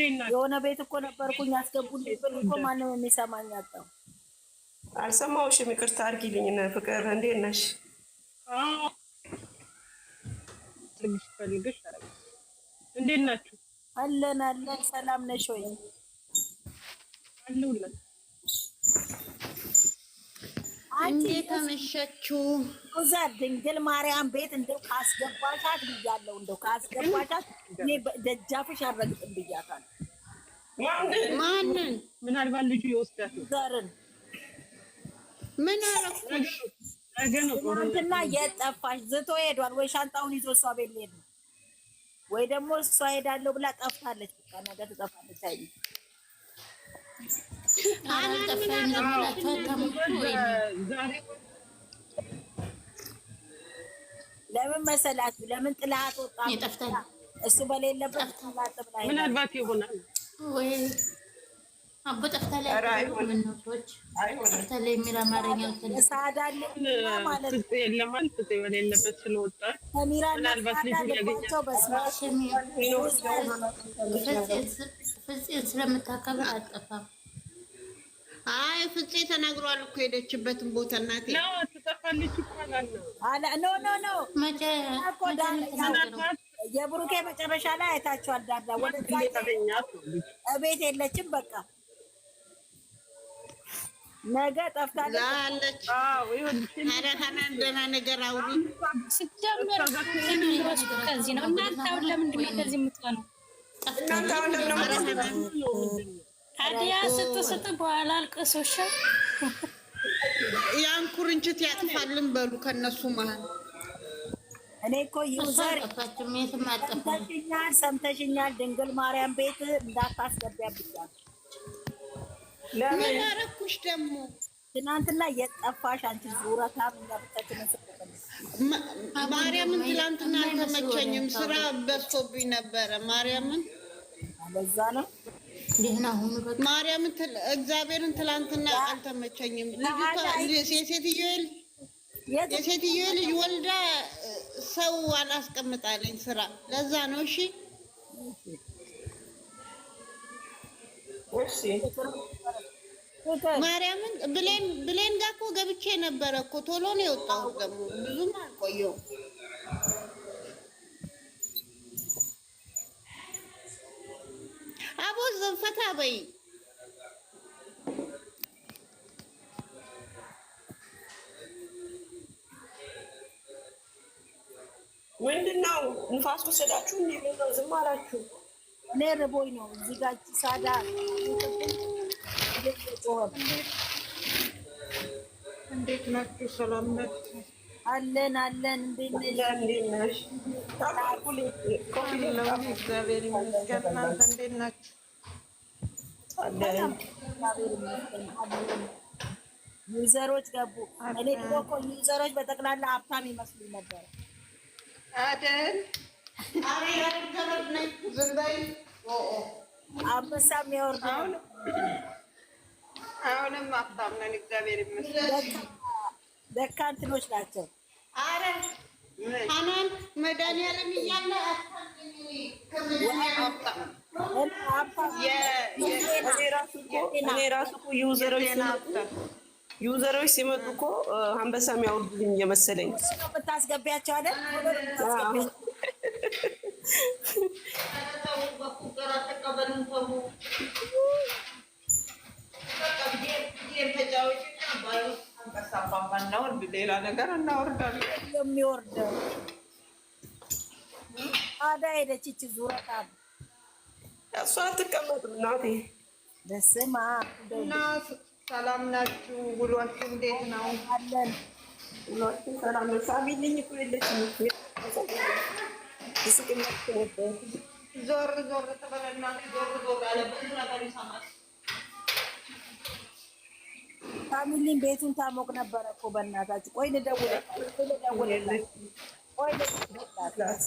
የሆነ ቤት እኮ ነበርኩኝ አስገቡኝ ብል እኮ ማንም የሚሰማኝ አጣሁ። አልሰማሁሽም፣ ይቅርታ አድርጊልኝ። ፍቅር እንዴት ነሽ? እንዴት ናችሁ? አለን አለን። ሰላም ነሽ ወይ? አለሁላችሁ እንዴት አመሻችሁ። እዛ ድንግል ማርያም ቤት እንደው ካስገባሻት ብያለሁ፣ እንደው ካስገባሻት ደጃፍሽ ማንን? ምናልባት ልጁ ይወስዳት ዘርን ምን ትናንትና የጠፋሽ ዝቶ ሄዷል ወይ ሻንጣውን ይዞ እሷ ቤት ሄድ ነው ወይ ደግሞ እሷ ሄዳለሁ ብላ ጠፍታለች። በቃ ነገ ትጠፋለች። ለምን መሰላችሁ? ለምን ጥላት ወጣ? እሱ በሌለበት ምናልባት ይሆናል ወይ አቦ ስለምታከብር አጠፋም አይ ፍፄ ተናግሯል እኮ ሄደችበትን ቦታ እናቴ ኖ ኖ ኖ የብሩኬ መጨረሻ ላይ አይታችኋል። ዳዳ ወደ ቤት የለችም። በቃ ነገ ጠፍታለች። ደህና ነገር አውሪ። ስትጀምር ነው እናንተ አሁን ለምንድን ነው እንደዚህ ታዲያ ስጥ በኋላ አልቅሶሻ ያን ኩርንችት ያጥፋልን በሉ ከነሱ መሀል እኔ እኮ ዩዘር ሰምተሽኛል፣ ሰምተሽኛል። ድንግል ማርያም ቤት እንዳታስገቢያብቻል። ምን አደረኩሽ ደግሞ? ትናንትና የጠፋሽ አንቺ ዙረታ ማርያምን ትናንትና አልተመቸኝም፣ ስራ በዝቶብኝ ነበረ። ማርያምን ለዛ ነው ደህና ሁኑ። ማርያም እግዚአብሔርን ትላንትና አልተመቸኝም። የሴትዮ ልጅ ወልዳ ሰው አላስቀምጣለኝ ስራ ለዛ ነው። እሺ ማርያምን ብሌን ብሌን ጋር እኮ ገብቼ ነበረ እኮ ቶሎ ነው የወጣሁት። ደግሞ ብዙም አልቆየሁም። አቦ ዘንፈታ በይ ምንድን ንፋስ ወሰዳችሁ? እንዲህ ነው ዝም አላችሁ? እኔ ርቦኝ ነው። እዚህ ጋር ሳዳ እንዴት ናችሁ? ሰላም ናችሁ? አለን አለን። እንዴት እግዚአብሔር ይመስገን። እናንተ እንዴት ናችሁ? ዩዘሮች ገቡ። እኔ ድሮ እኮ ዩዘሮች በጠቅላላ ሀብታም ይመስሉ ነበር አሁንም ሀብታም ነን እግዚአብሔር ይመስገን። ለካ እንትኖች ናቸው። አረ ሃናን መድኃኒዓለም እያለ ራሱ ዩዘሮች ሲመጡ እኮ አንበሳ የሚያወርዱኝ እየመሰለኝ ብታስገቢያቸው ፓፓ እናወርድ፣ ሌላ ነገር እናወርዳለን። የሚወርደው አዳ ሄደች። ይህች ዙረታ እሷ አትቀመጥም። እናቴ በስመ እና ሰላም ናችሁ? ውሏችሁ እንዴት ነው? አለን ውሏችሁ ሰላም ነው። ሳሚልኝ እኮ የለችም። ዞር ዞር ትበለና ዞር ዞር ያለበት ነገር ይሰማል ፋሚሊን ቤቱን ታሞቅ ነበረ እኮ በእናታችሁ። ቆይ ልደውልላት። ቆይ ልደውልላት።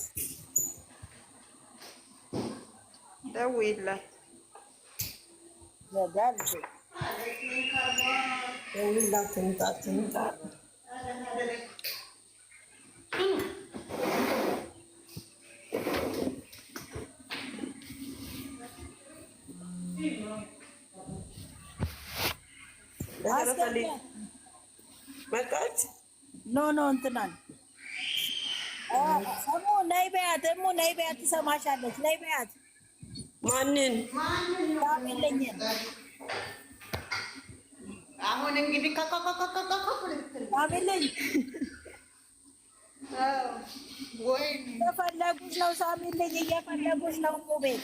ደውይላት፣ ደውይላት። ምሳሌ መጣች። ኖ ኖ እንትናል ሰሙ ነይ በያት፣ ደግሞ ነይ በያት፣ ትሰማሻለች። ነይ በያት። ማንን ታሚልኝን አሁን እንግዲህ ሳሚልኝ እየፈለጉሽ ነው። ሳሚልኝ እየፈለጉሽ ነው ቤት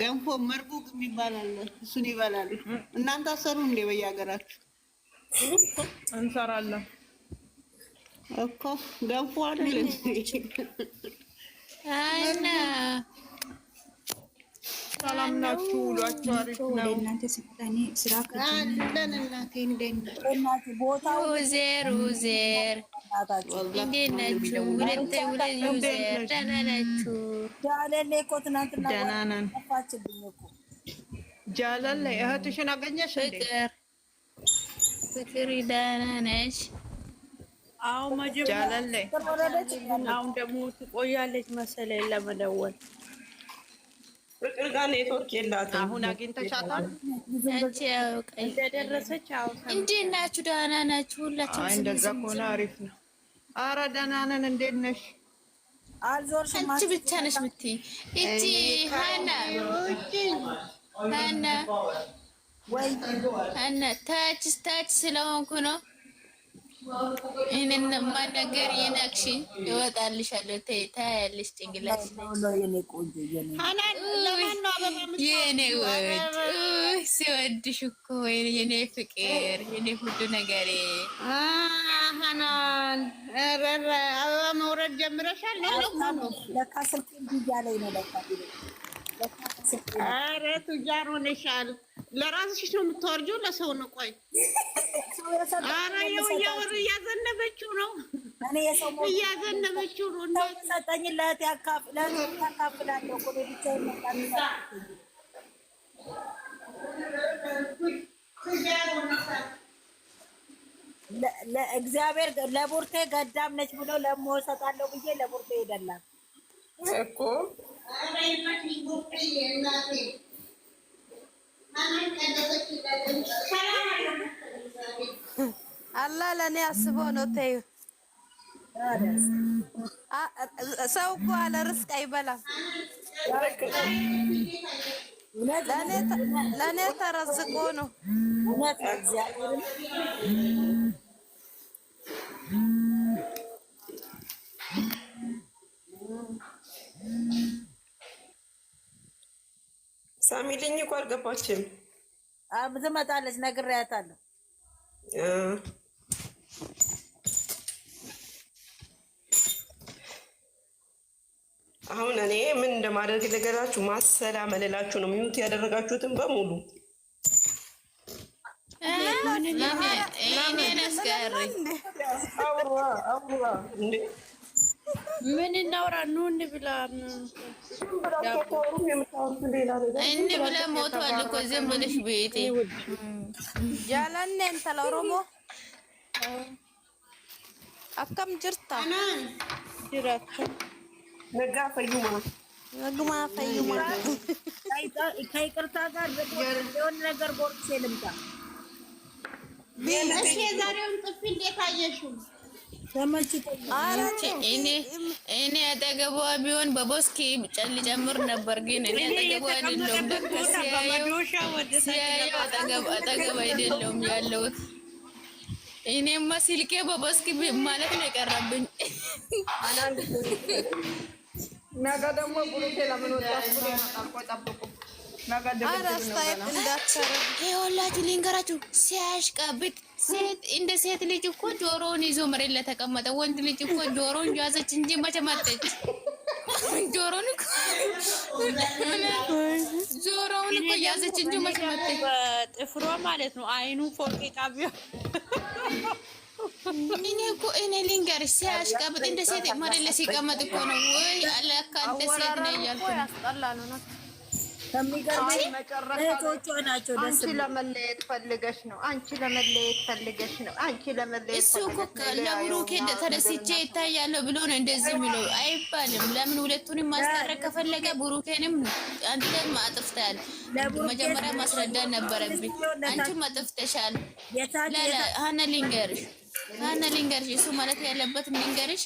ገንፎ መርቡቅ ይባላል። እሱን ይበላሉ። እናንተ አሰሩ እንዴ? በየሀገራችሁ እንሰራለን እኮ ገንፎ አለ ሰላም ናችሁ? ውሏችሁ አሪፍ ነው። እናንተ ስመጣ እኔ ስራ አለን። እናቴ እንዴት ናችሁ? ቦታው ዩዘር ዩዘር አዎ መጀመሪያ አሁን ደግሞ ትቆያለች መሰለኝ ለመደወል ፍቅር ጋር ኔትወርክ የላትም። አሁን አግኝተሻታል? እንደደረሰች እንዴት ናችሁ? ደህና ናችሁ? ሁላችሁ እንደዛ ከሆነ አሪፍ ነው። አረ ደህና ነን። እንዴት ነሽ? አንቺ ብቻ ነሽ የምትይኝ እቺ ሀና ሀና ሀና ታች ታች ስለሆንኩ ነው ይህንን ማነገር ይነቅሽ ይወጣልሻል። ታያለሽ ጭንቅላት የኔ ወድ ሲወድሽ እኮ የኔ ፍቅር የኔ ሁሉ ነገሬ ሀናን አበባ መውረድ ጀምረሻል። ለካ ስልክ ብያ ነው። ለካ ኧረ ቱጃር ሆነሻል። ለራስሽ ነው የምታወርጀው፣ ለሰው ነው? ቆይ ኧረ ይኸው እያወሩ እያዘነበችው ነው እያዘነበችው ነው። ሰጠኝ ለእህቴ ያካፍላለሁ እኮ ለቡርቴ ገዳም ነች ብሎ ለመወሰጣለሁ ብዬ ለቡርቴ ይደላል እኮ አላህ ለእኔ አስቦ ነው። ተይው ሰው እኮ አለ ርስቅ አይበላም። ለእኔ ተረዝቆ ነው። ሳሚልኝ ልኝ እኮ አልገባችም። ትመጣለች፣ ነግሬያታለሁ። አሁን እኔ ምን እንደማደርግ ልገራችሁ። ማሰላም ልላችሁ ነው። ሚዩት ያደረጋችሁትን በሙሉ ምን እናውራ? ኑ እንብላ። እንብላ ሞቷል እኮ ዝም ብለሽ ቤቴ ጃላኔን ተለ ኦሮሞ አካም ጅርታ ጅራቸው ነጋ ፈይማ ነግማ ፈይማ ከይቅርታ ጋር የሆነ ነገር ቦርሴ ልምጣ። እስኪ የዛሬውን ጥፊ እንዴት አየሽው? እኔ አጠገቧ ቢሆን በቦስኪ ጨምር ነበር፣ ግን እኔ አጠገቧ አይደለሁም። ሲያየው አጠገብ አይደለሁም ያለሁት። እኔማ ስልኬ በቦስኪ ማለት ነው የቀረብኝ። ነገ ደግሞ ጉሩቴ ለምን ወጣት ይኸውላችሁ ልንገራችሁ፣ ሲያሽቃብጥ ሴት እንደ ሴት ልጅ እኮ ጆሮውን ይዞ መሬት ላይ ወንድ ልጅ እኮ ጆሮውን ያዘች እንጂ መቼም አጠች። ጆሮውን ጆሮውን እኮ ያዘች እንጂ መቼም አጠች። ጥፍሯ ማለት ነው አይኑ ፎቅ ቃቢያ እኔ እኮ እኔ ልንገርሽ ሲያሽቀብጥ እንደ ሴት መሬት ላይ ሲቀመጥ እኮ ነው። ወይ አለካ እንደ ሴት ነው እያልኩ ለመለየት ፈልገሽ ነው። አንቺ ለመለየት ፈልገሽ ነው። አንቺ ለብሩኬ እንደዚህ የሚለው አይባልም። ለምን ሁለቱንም ማስታረቅ ከፈለገ ብሩኬንም አንተም አጥፍተሃል። መጀመሪያ ማስረዳት ነበረብኝ። አንቺም አጥፍተሻል። ላላ ሀና ልንገርሽ ሀና ልንገርሽ፣ እሱ ማለት ያለበት ልንገርሽ፣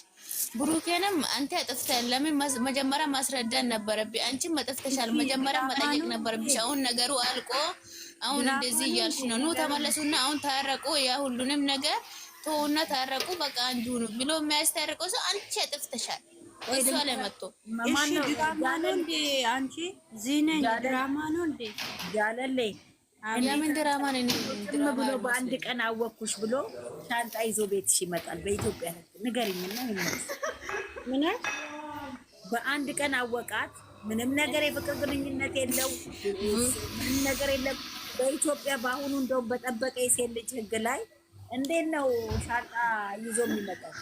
ብሩኬንም አንተ አጥፍተህ ለምን መጀመሪያ ማስረዳት ነበረብኝ። አንቺም አጥፍተሻል፣ መጀመሪያ መጠየቅ ነበረብሽ። አሁን ነገሩ አልቆ አሁን እንደዚህ እያልሽ ነው። ኑ ተመለሱና አሁን ታረቁ፣ ያ ሁሉንም ነገር ተውና ታረቁ፣ በቃ አንድ ሁኑ ብሎ የሚያስታርቀው ሰው አንቺ አጥፍተሻል። እሱ አለመቶ ድራማ ነው እንዴ? አንቺ ዚነኝ ድራማ ነው እንዴ? ያለለኝ የምን ድራማ ብሎ በአንድ ቀን አወቅኩሽ ብሎ ሻንጣ ይዞ ቤትሽ ይመጣል። በኢትዮጵያ ንገሪኝና ምን በአንድ ቀን አወቃት። ምንም ነገር የፍቅር ግንኙነት የለው ምንም ነገር የለም። በኢትዮጵያ በአሁኑ እንደውም በጠበቀ የሴት ልጅ ህግ ላይ እንዴት ነው ሻንጣ ይዞ የሚመጣው?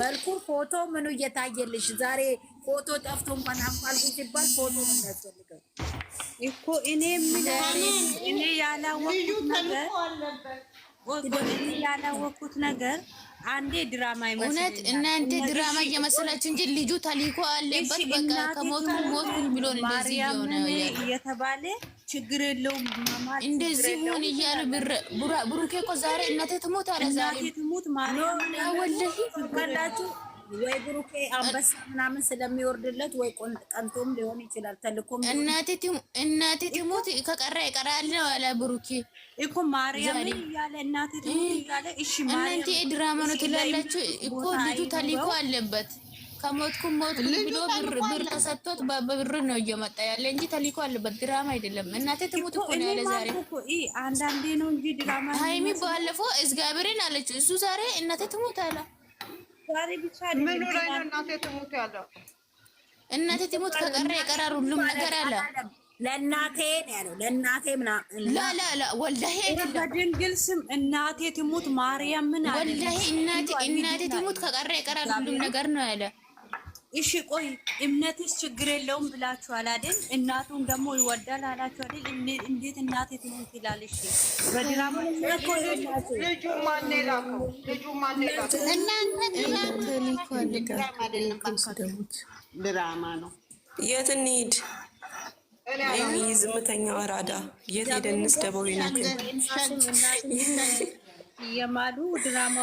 መልኩ ፎቶ ምኑ እየታየልሽ ዛሬ ፎቶ ጠፍቶ እንኳን አፋልጉ ሲባል ፎቶ ነው የሚያስፈልገው እኮ። እኔ እኔ ያላወቅኩት ነገር አንዴ ድራማ እውነት እናንተ ድራማ እየመሰላችሁ እንጂ ልጁ ተልእኮ አለበት። በቃ ከሞቱ ሞቱ ብሎ እንደዚህ እየተባለ ችግር የለውም እንደዚህ ሁን እያሉ ብሩኬ እኮ ዛሬ እናቴ ትሞት አለ ዛሬ ወይ ብሩኬ አንበሳ ምናምን ስለሚወርድለት ወይ ቀንቶም ሊሆን ይችላል። ተልኮም እናቴ ትሙት ከቀረ ይቀራል ነው ያለ ብሩኬ እኮ ማርያም እያለ እናቴ ትሙት እያለ እሺ፣ እናንተ ድራማ ነው ትላላችሁ እኮ። ልጁ ተልኮ አለበት። ከሞትኩ ሞት ብሎ ብር ተሰጥቶት በብር ነው እየመጣ ያለ እንጂ ተልኮ አለበት። ድራማ አይደለም። እናቴ ትሙት እኮ ነው ያለ ዛሬ። አንዳንዴ ነው እንጂ ድራማ። ሀይሚ ባለፈው እግዚአብሔርን አለችው። እሱ ዛሬ እናቴ ትሙት አለ ዛሬ ብቻ ምኑ ላይ ነው እናቴ ትሙት ያለው? እናቴ ትሙት ከቀረ የቀራር ሁሉም ነገር አለ። ለእናቴ ለእናቴ ምናምን ላላላ በድንግል ስም እናቴ ትሙት ማርያምን ወላሂ እናቴ እናቴ ትሙት ከቀረ የቀራር ሁሉም ነገር ነው ያለ እሺ ቆይ እምነትስ ችግር የለውም ብላችኋል አይደል? እናቱን ደግሞ ይወዳል አላችሁ አይደል? እንዴት እናቴ ትምህርት ይላል? እሺ በድራማ ልጁ ማን ላከው? ልጁ ማን ላከው? ድራማ ነው። የት እንሂድ? ዝምተኛው አራዳ የት ሄደንስ ደበው ይናት የማሉ ድራማ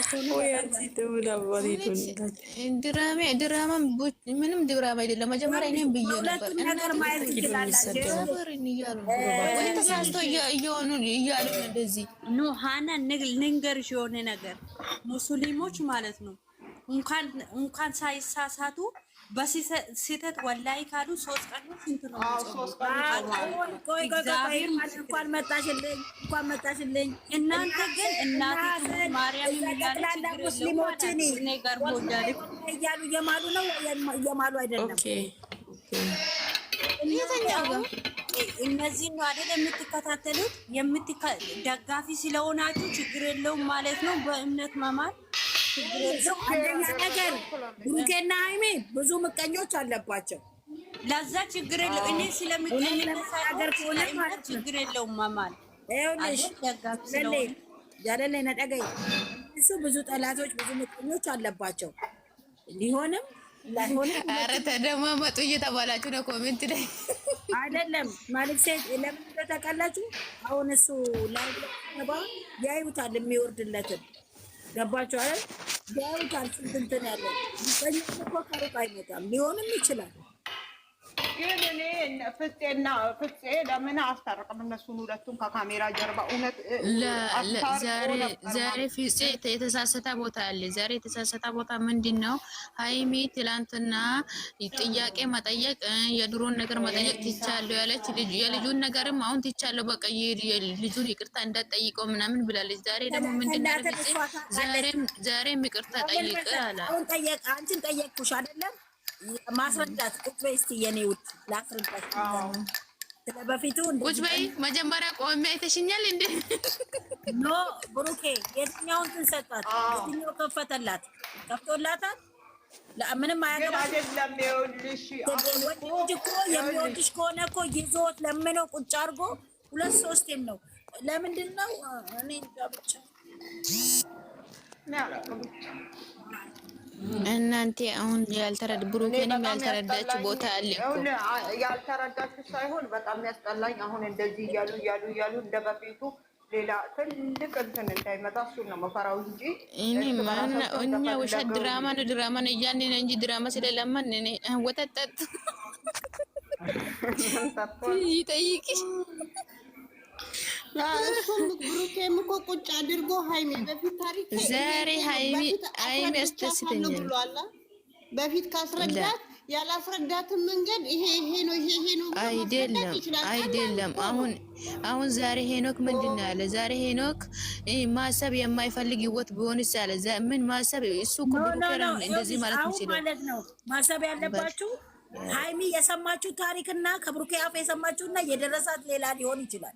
ድራማ ድራማ ምንም ድራማ አይደለም። መጀመሪያ እኔም ብዬ ነበር እየሆኑ እያሉ እንደዚህ ሀና ንንገርሽ የሆነ ነገር ሙስሊሞች ማለት ነው እንኳን እንኳን ሳይሳሳቱ በስህተት ወላይ ካሉ ሶስት ቀን ስንት ነው? መጣሽልኝ እንኳን መጣሽልኝ። እናንተ ግን እናቴ ማርያም ጠቅላላ ሙስሊሞችን እያሉ እየማሉ ነው እየማሉ አይደለም። እነዚህ ነው አይደል የምትከታተሉት? ደጋፊ ስለሆናችሁ ችግር የለውም ማለት ነው በእምነት መማር አንደኛ ነገር ብሩኬና ሀይሜ ብዙ ምቀኞች አለባቸው። ለዛ ችግር የለው። እኔ ስለምቀኝነገር ከሆነ ችግር የለውም። ማማል ይኸውልሽ ያለለ ነጠገኝ እሱ ብዙ ጠላቶች ብዙ ምቀኞች አለባቸው። ሊሆንም ላይሆንም ኧረ ተደማመጡ እየተባላችሁ ነው ኮሜንት ላይ አይደለም ማለት ሴት ለምን ተቃላችሁ። አሁን እሱ ላይ ያዩታል የሚወርድለትን ገባችሁ አይደል? ያዩታል ስንት እንትን ያለው አይመጣም። ሊሆንም ይችላል ግን እኔ ፍፄና ፍፄ ለምን አስታርቅም? እነሱን ሁለቱን ከካሜራ ጀርባ እውነት ዛሬ ፍፄ የተሳሰተ ቦታ አለ። ዛሬ የተሳሰተ ቦታ ምንድን ነው? ሀይሚ ትላንትና ጥያቄ መጠየቅ የድሮን ነገር መጠየቅ ትቻለሁ ያለች የልጁን ነገርም አሁን ትቻለሁ፣ በቃ ልጁን ይቅርታ እንዳትጠይቀው ምናምን ብላለች። ዛሬ ደግሞ ምንድን ነው ዛሬም ይቅርታ ጠይቅ አለ። አሁን ጠየቅ አንቺን ጠየቅኩሽ አይደለም ማስረዳት ቁጭ በይ እስኪ የኔ ውድ ላስረዳት። ስለ በፊቱ ቁጭ በይ መጀመሪያ ቆሜ አይተሽኛል እንዴ? ኖ ብሩኬ የትኛውን ትንሰጣት? የትኛው ከፈተላት? ከፍቶላታል። ምንም አያገባም። ወንድ እኮ የሚወድሽ ከሆነ እኮ ይዞት ለምኖ ቁጭ አድርጎ ሁለት ሶስቴም ነው። ለምንድን ነው እኔ ብቻ እናንተ አሁን ያልተረድ ብሩኬንም ያልተረዳች ቦታ አለ ያልተረዳችሁ ሳይሆን በጣም ያስጠላኝ አሁን እንደዚህ እያሉ እያሉ እያሉ እንደ በፊቱ ሌላ ትልቅ እንትን እንዳይመጣ እሱን ነው መፈራው እንጂ እኔ እኛ ውሸት ድራማ ነው ድራማ ነው እያልን ነው እንጂ ድራማ ስለለማን ወተጠጥ ይጠይቅ ብሩ ኤፍሬም እኮ ቁጭ አድርጎ ሃይሚ በፊት ታሪክ ዛሬ ሃይሚ ሃይሚ ያስደስተኛል ብሏል። በፊት ካስረዳት ያላስረዳትን መንገድ ይሄ ይሄ ነው ይሄ ይሄ ነው አይደለም አይደለም። አሁን አሁን ዛሬ ሄኖክ ምንድን ነው ያለ? ዛሬ ሄኖክ ማሰብ የማይፈልግ ህይወት ቢሆንስ ያለ ምን ማሰብ እሱ እኮ ብሩከራም እንደዚህ ማለት ነው። ማሰብ ያለባችሁ ሃይሚ የሰማችሁ ታሪክና ከብሩኬ አፍ የሰማችሁና የደረሳት ሌላ ሊሆን ይችላል።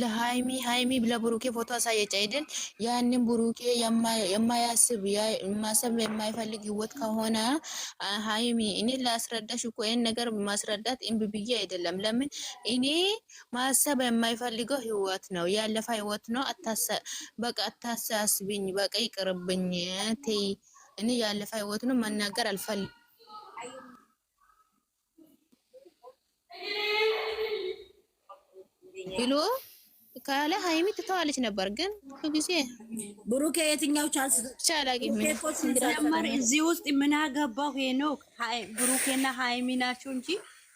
ለሃይሚ ሃይሚ ለብሩኬ ፎቶ አሳየች አይደል? ያንን ብሩኬ የማያስብ ማሰብ የማይፈልግ ህይወት ከሆነ ሃይሚ እኔ ላስረዳሽ እኮ ይህን ነገር ማስረዳት እምቢ ብዬ አይደለም። ለምን እኔ ማሰብ የማይፈልገው ህይወት ነው፣ ያለፈ ህይወት ነው። በቃ አታሳስብኝ፣ በቃ ይቅርብኝ፣ ተይ። እኔ ያለፈ ህይወት ነው መናገር አልፈልግ ሄሎ ካለ ሀይሚ ትተዋለች ነበር፣ ግን ብዙ ጊዜ ብሩኬ የትኛው ቻንስ ሲጀመር እዚህ ውስጥ ምን አገባሁ? ሄኖክ ብሩኬና ሀይሚ ናቸው እንጂ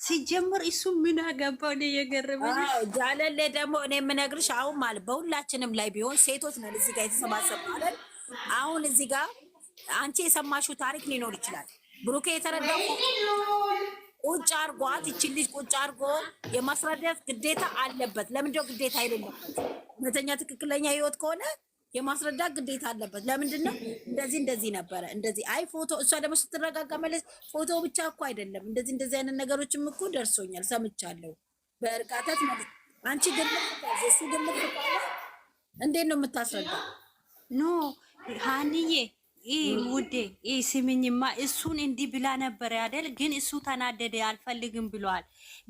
ሲጀምር እሱ ምን አገባው? እኔ የገረመኝ ጃለሌ ደግሞ እኔ የምነግርሽ አሁን ማለት በሁላችንም ላይ ቢሆን ሴቶች ነን እዚህ ጋር ማለት አሁን እዚህ ጋር አንቺ የሰማሽው ታሪክ ሊኖር ይችላል ብሩኬ የተረዳው ቁጭ አርጓት ይችን ልጅ ቁጭ አርጎ የማስረዳት ግዴታ አለበት። ለምንድነው ግዴታ አይደለም? እውነተኛ ትክክለኛ ህይወት ከሆነ የማስረዳት ግዴታ አለበት። ለምንድን ነው እንደዚህ እንደዚህ ነበረ እንደዚህ አይ ፎቶ እሷ ደግሞ ስትረጋጋ መለስ ፎቶ ብቻ እኮ አይደለም እንደዚህ እንደዚህ አይነት ነገሮችም እኮ ደርሶኛል፣ ሰምቻለሁ። በእርቃተት ማለት አንቺ ግምት እሱ ግምት እንዴት ነው የምታስረዳ? ኖ ሀንዬ ይህ ውዴ ይህ ስምኝማ እሱን እንዲህ ብላ ነበር ያደል፣ ግን እሱ ተናደደ አልፈልግም ብለዋል።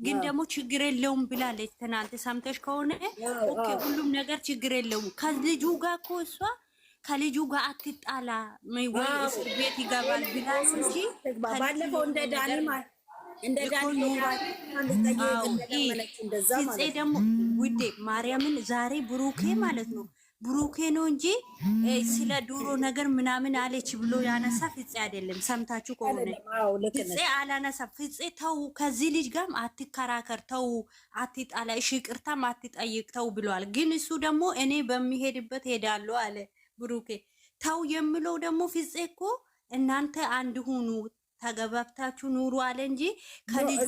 ግን ደግሞ ችግር የለውም ብላለች ትናንት። ሰምተሽ ከሆነ ኦኬ፣ ሁሉም ነገር ችግር የለውም ከልጁ ጋር እኮ እሷ ከልጁ ጋር አትጣላ ወይ እስር ቤት ይገባል ብላ እንጂ ባለፈው እንደ ዳኒ እንደ ዳኒ ደግሞ ውዴ ማርያምን ዛሬ ብሩኬ ማለት ነው ብሩኬ ነው እንጂ ስለ ዱሮ ነገር ምናምን አለች ብሎ ያነሳ ፍፄ አይደለም። ሰምታችሁ ከሆነ ፍፄ አላነሳ። ፍፄ ተው፣ ከዚህ ልጅ ጋርም አትከራከር፣ ተው፣ አትጣላ፣ እሺ ቅርታም አትጠይቅ፣ ተው ብለዋል። ግን እሱ ደግሞ እኔ በሚሄድበት ሄዳለሁ አለ ብሩኬ። ተው የምለው ደግሞ ፍፄ እኮ እናንተ አንድ ሁኑ ተገባብታችሁ ኑሩ አለ እንጂ ከልጁ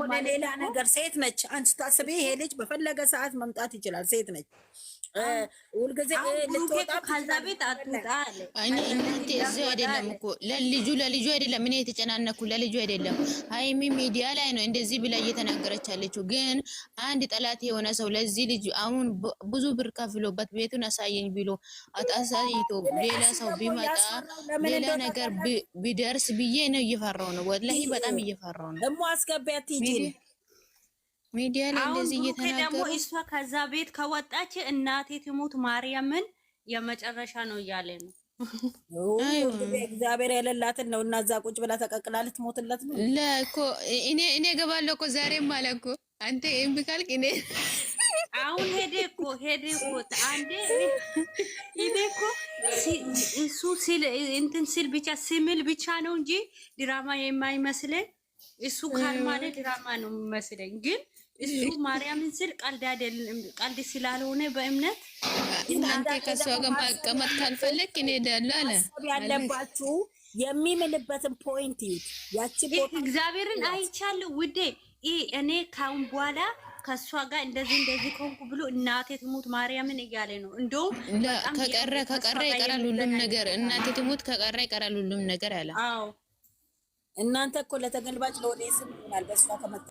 ወደ ሌላ ነገር ሴት ነች። አንቺ ይሄ ልጅ በፈለገ ሰዓት መምጣት ይችላል። ሴት ነች ሁልጊዜ ከዛ ቤት አይደለም እኮ ለልጁ ለልጁ አይደለም እኔ የተጨናነኩ ለልጁ አይደለም። ሀይሚ ሚዲያ ላይ ነው እንደዚህ ብላ እየተናገረች ያለችው። ግን አንድ ጠላት የሆነ ሰው ለዚህ ልጅ አሁን ብዙ ብር ከፍሎበት ቤቱን አሳየኝ ብሎ አሳይቶ ሌላ ሰው ቢመጣ ሌላ ነገር ቢደርስ ብዬ ነው እየፈራው ነው። ወላሂ በጣም እየፈራው ነው። ሚዲያ ላይ እንደዚህ እየተናገሩ ደግሞ እሷ ከዛ ቤት ከወጣች እናቴ ትሙት ማርያምን የመጨረሻ ነው እያለ ነው። እግዚአብሔር ያለላትን ነው እና እዛ ቁጭ ብላ ተቀቅላ ልትሞትለት ነው ለኮ እኔ እኔ ገባለሁ እኮ ዛሬም አለ እኮ አንተ እምቢ ካልክ እኔ አሁን ሄደ እኮ ሄደ እኮ አንዴ ሄደ እኮ እሱ ሲል እንትን ሲል ብቻ ሲምል ብቻ ነው እንጂ ድራማ የማይመስለን እሱ ካልማለ ድራማ ነው የሚመስለኝ ግን እሱ ማርያምን ስል ቀልድ አይደለም፣ ቀልድ ስላልሆነ በእምነት እናንተ ከሷ ጋር መቀመጥ ካልፈለክ እኔ እሄዳለሁ አለ። ያለባችሁ የሚምልበትን ፖይንት ያቺ እግዚአብሔርን አይቻለሁ ውዴ። እኔ ካሁን በኋላ ከእሷ ጋር እንደዚህ እንደዚህ ከሆንኩ ብሎ እናቴ ትሙት ማርያምን እያለ ነው። እንደውም ከቀረ ከቀረ ይቀራል ሁሉም ነገር፣ እናቴ ትሙት ከቀረ ይቀራል ሁሉም ነገር አለ። እናንተ እኮ ለተገልባጭ ለወደ ስም ይሆናል በእሷ ከመጣ